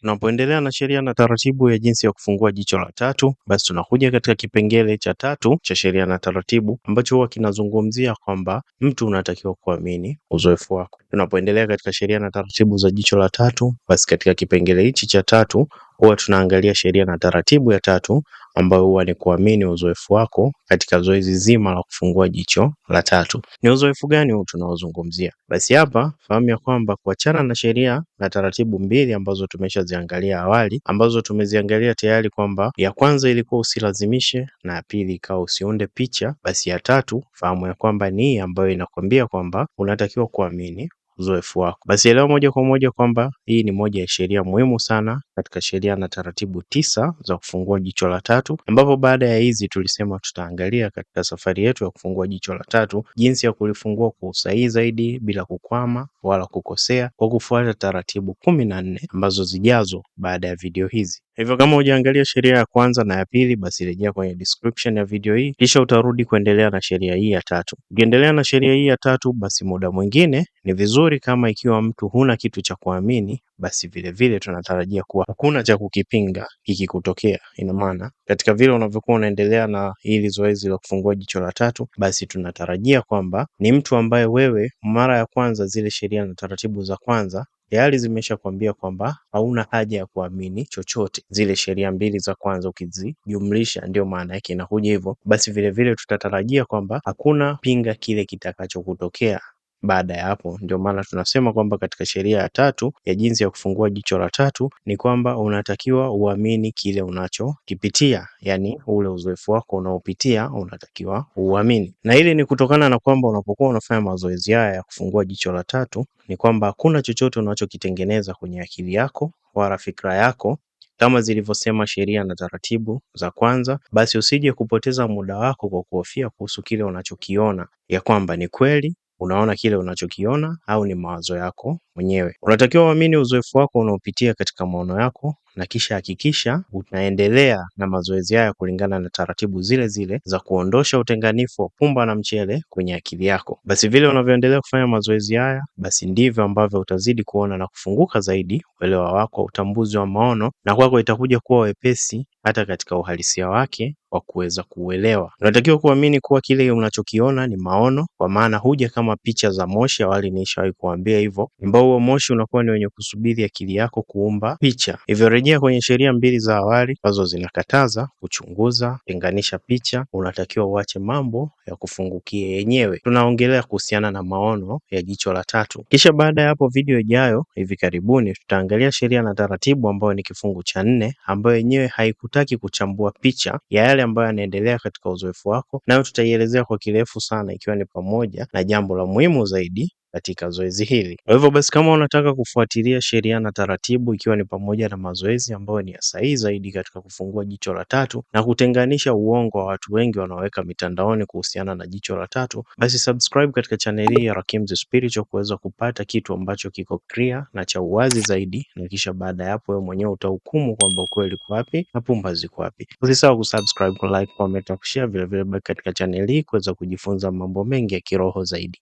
Tunapoendelea na sheria na taratibu ya jinsi ya kufungua jicho la tatu, basi tunakuja katika kipengele cha tatu cha sheria na taratibu ambacho huwa kinazungumzia kwamba mtu unatakiwa kuamini uzoefu wako. Tunapoendelea katika sheria na taratibu za jicho la tatu, basi katika kipengele hichi cha tatu huwa tunaangalia sheria na taratibu ya tatu ambayo huwa ni kuamini uzoefu wako katika zoezi zima la kufungua jicho la tatu. Ni uzoefu gani huu tunaozungumzia? Basi hapa fahamu ya kwamba kuachana na sheria na taratibu mbili ambazo tumeshaziangalia awali, ambazo tumeziangalia tayari kwamba ya kwanza ilikuwa usilazimishe na ya pili ikawa usiunde picha, basi ya tatu fahamu ya kwamba ni hii ambayo inakwambia kwamba unatakiwa kuamini uzoefu wako. Basi elewa moja kwa moja kwamba hii ni moja ya sheria muhimu sana katika sheria na taratibu tisa za kufungua jicho la tatu, ambapo baada ya hizi tulisema tutaangalia katika safari yetu ya kufungua jicho la tatu jinsi ya kulifungua kwa usahihi zaidi bila kukwama wala kukosea kwa kufuata taratibu kumi na nne ambazo zijazo baada ya video hizi. Hivyo kama hujaangalia sheria ya kwanza na ya pili, basi rejea kwenye description ya video hii, kisha utarudi kuendelea na sheria hii ya tatu. Ukiendelea na sheria hii ya tatu, basi muda mwingine ni vizuri kama ikiwa mtu huna kitu cha kuamini basi vilevile tunatarajia kuwa hakuna cha kukipinga kikikutokea. Ina maana katika vile unavyokuwa unaendelea na hili zoezi la kufungua jicho la tatu, basi tunatarajia kwamba ni mtu ambaye wewe mara ya kwanza zile sheria na taratibu za kwanza tayari zimeshakwambia kwamba hauna haja ya kuamini chochote. Zile sheria mbili za kwanza ukizijumlisha, ndio maana yake inakuja hivyo. Basi vilevile tutatarajia kwamba hakuna pinga kile kitakachokutokea baada ya hapo. Ndio maana tunasema kwamba katika sheria ya tatu ya jinsi ya kufungua jicho la tatu ni kwamba unatakiwa uamini kile unachokipitia, yaani ule uzoefu wako unaopitia unatakiwa uamini. Na hili ni kutokana na kwamba unapokuwa unafanya mazoezi haya ya kufungua jicho la tatu, ni kwamba hakuna chochote unachokitengeneza kwenye akili yako wala fikra yako kama zilivyosema sheria na taratibu za kwanza, basi usije kupoteza muda wako kwa kuhofia kuhusu kile unachokiona ya kwamba ni kweli unaona kile unachokiona au ni mawazo yako mwenyewe. Unatakiwa uamini uzoefu wako unaopitia katika maono yako na kisha hakikisha unaendelea na mazoezi haya kulingana na taratibu zile zile za kuondosha utenganifu wa pumba na mchele kwenye akili yako. Basi vile unavyoendelea kufanya mazoezi haya, basi ndivyo ambavyo utazidi kuona na kufunguka zaidi uelewa wako, utambuzi wa maono, na kwako itakuja kuwa wepesi hata katika uhalisia wake wa kuweza kuuelewa. Unatakiwa kuamini kuwa kile unachokiona ni maono, kwa maana huja kama picha za moshi. Awali niishawahi kuambia hivyo ambao huo moshi unakuwa ni wenye kusubiri akili yako kuumba picha. Hivyo rejea kwenye sheria mbili za awali ambazo zinakataza kuchunguza, tenganisha picha. Unatakiwa uache mambo ya kufungukia yenyewe. Tunaongelea kuhusiana na maono ya jicho la tatu. Kisha baada ya hapo, video ijayo hivi karibuni tutaangalia sheria na taratibu, ambayo ni kifungu cha nne, ambayo yenyewe haikutaki kuchambua picha ya yale ambayo yanaendelea katika uzoefu wako, nayo tutaielezea kwa kirefu sana, ikiwa ni pamoja na jambo la muhimu zaidi katika zoezi hili. Kwa hivyo basi, kama unataka kufuatilia sheria na taratibu, ikiwa ni pamoja na mazoezi ambayo ni ya sahihi zaidi katika kufungua jicho la tatu na kutenganisha uongo wa watu wengi wanaoweka mitandaoni kuhusiana na jicho la tatu, basi subscribe katika channel hii ya Rakims Spiritual kuweza kupata kitu ambacho kiko clear na cha uwazi zaidi, na kisha baada ya hapo wewe mwenyewe utahukumu kwamba ukweli uko wapi na pumba ziko wapi. Usisahau kusubscribe, kulike, comment na kushare, vilevile baki katika channel hii kuweza kujifunza mambo mengi ya kiroho zaidi.